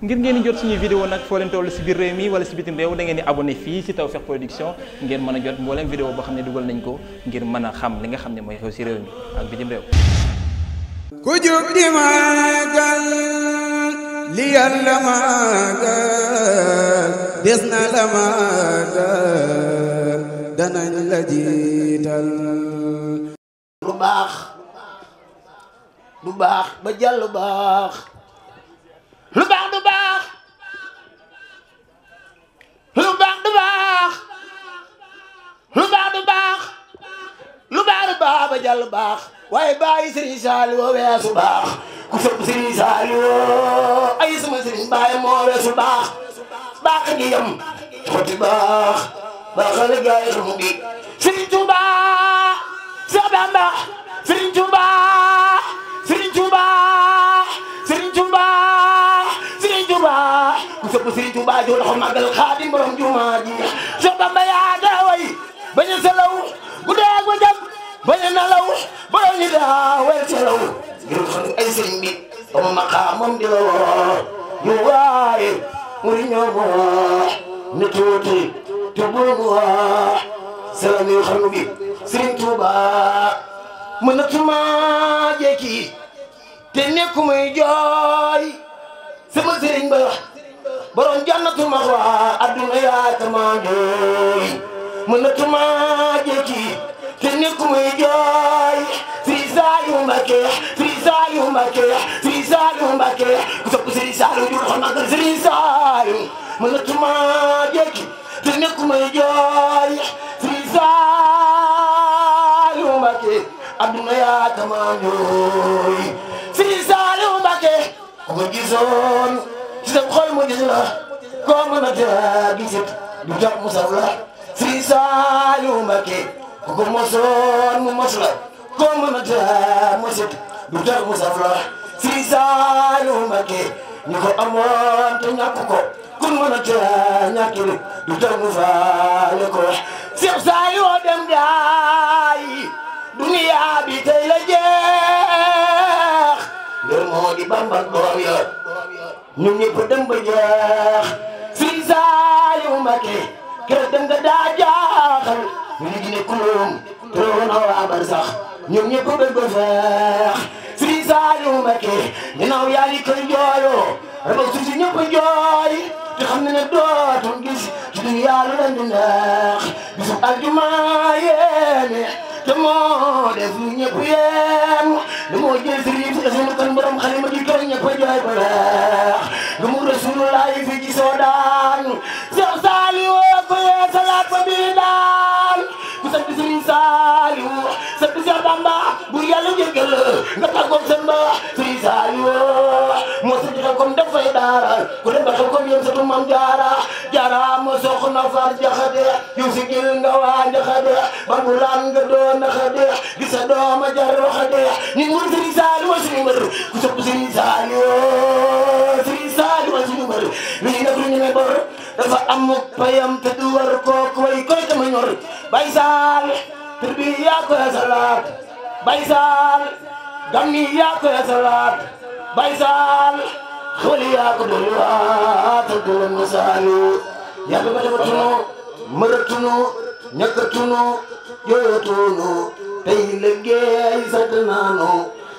ngir ngeen jot suñuy vidéo nag foo leen toll si biir réew mi wala si bitim réew da ngeen di abonné fii si Tawfekh Production ngeen mën a jot mbooleem vidéo boo xam ne dugal nañ ko ngir mën a xam li nga xam ne mooy xew si réew mi ak bitim des na la maagal danañ la jiital lu baax lu baax ba jàll baax lu baax du baax lu baax du baax lu baax du baax ba jàll baax waaye bàyyi Serigne Saliou weesu baax ku sopp Serigne Saliou ay sama Serigne bàyyi moo weesu baax baax gi yem xoti baax baaxal gaay xam gi Serigne sëpp Serigne Touba joo loxo màggal xaadim borom jumaa ji Cheikh Bamba yaa daa way bañ a selaw guddee ak ba jag bañ a nalaw borom ñi daa way selaw ngir xam ay sëriñ bi amu maqaamam di la woo ñu waaye muri ñoo mu wax ñu tuuti te bu mu wax selaw ñu xam bi Serigne Touba mënatuma jekki te nekku muy jooy sama sëriñ ba wax borom jannatul maxwa a yaatamaa jooy mënatumaa jékki te nekkuma jooy Sëriñ Saliou Mbacké Sëriñ Saliou Mbacké Sëriñ Saliou Mbacké ku sopp Sëriñ Saliou jur xol magal Sëriñ Saliou mënatumaa jékki te nekkuma jooy Sëriñ Saliou Mbacké adduna yaatamaa ku ko sam xol mu gis la mën a tëra gisit du jot mu saw la si Saliou ma ku ko mosoon mu mos la koo mën a tëra mosit du jot mu saw la si Saliou Mbacké ñu ko amoon te ñàkk ko kun mën a tëra ñàkkil du jot mu faale ko Seex Saliou dem daay duniya bi tey la jeex loolu moo di bambal doom ya ñun ñëpp dem ba jeex sëriñ Saaliw Mbakke keroog dem nga daa jaaxal ñu ngi ne kuloom toogoon aw abar sax ñun ñëpp bëgg ba feex sëriñ Saaliw Mbakke ginnaaw yaa ngi koy jooyoo raba suuf si ñëpp jooy te xam ne ne dootum gis ci duñu yàlla lan di neex bisu aljuma yéene te moo def ñëpp li moo jël sëriñ si suñu kan borom xalima di tooñ ñëpp jooy ba yi fi gisoo daanu Seex Saaliw ko yee salaat ba bi daanu ku sant Sëriñ Saaliw sant moo sant xel comme dafay daara ku dem ba xel comme yow satu jaara jaara ma soxna far jaxate yow si gil nga waa njaxate ba bu laan nga doo naxate gisa dooma jar roxate ñun mooy Sëriñ Saaliw suñu mbër ku sopp Sëriñ Saaliw lii nag lu ñu bor dafa amuk payam te du war kooku way koy dama ñor bay saal tur bi yaa koy asalaat bay saal gam yi yaa koy bay saal xooli yaa ko doon waat ak doon musaani yàlla ba dafa tunu mër a tunu ñàkk a tey liggéey sant naanu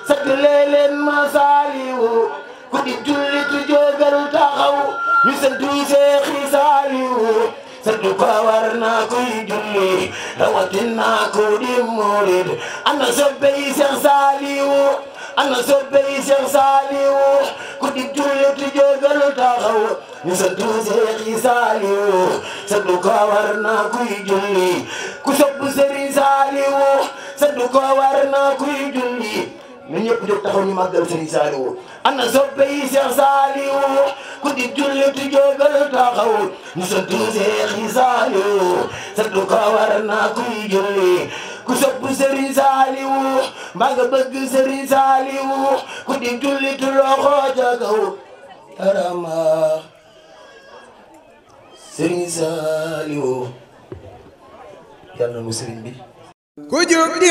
sant leen leen ma saaliwu ku di julli ñu santu Seexi Saaliwu santu ko war naa koy julli rawatina ko di murid ana soppey Seex Saaliwu ana soppey Seex Saaliwu ku di jullit jógal taxaw ñu santu Seexi Saaliwu santu ko war naa koy julli ku sopp Sëriñ Saaliwu santu ko war naa koy julli ñun ñëpp jóg taxaw ñu màggal Sëriñ Saaliwu ana soppey Seex Saaliwu ku di jullitu jógal taxaw nu sottu seexi saaliw sattu ko waral naa kuy julli ku sopp sëriñ saaliw mbaa nga bëgg sëriñ saaliw ku di jullitu loxo ca kaw arama sëriñ saaliw yàlla mu sëriñ bi ku jub di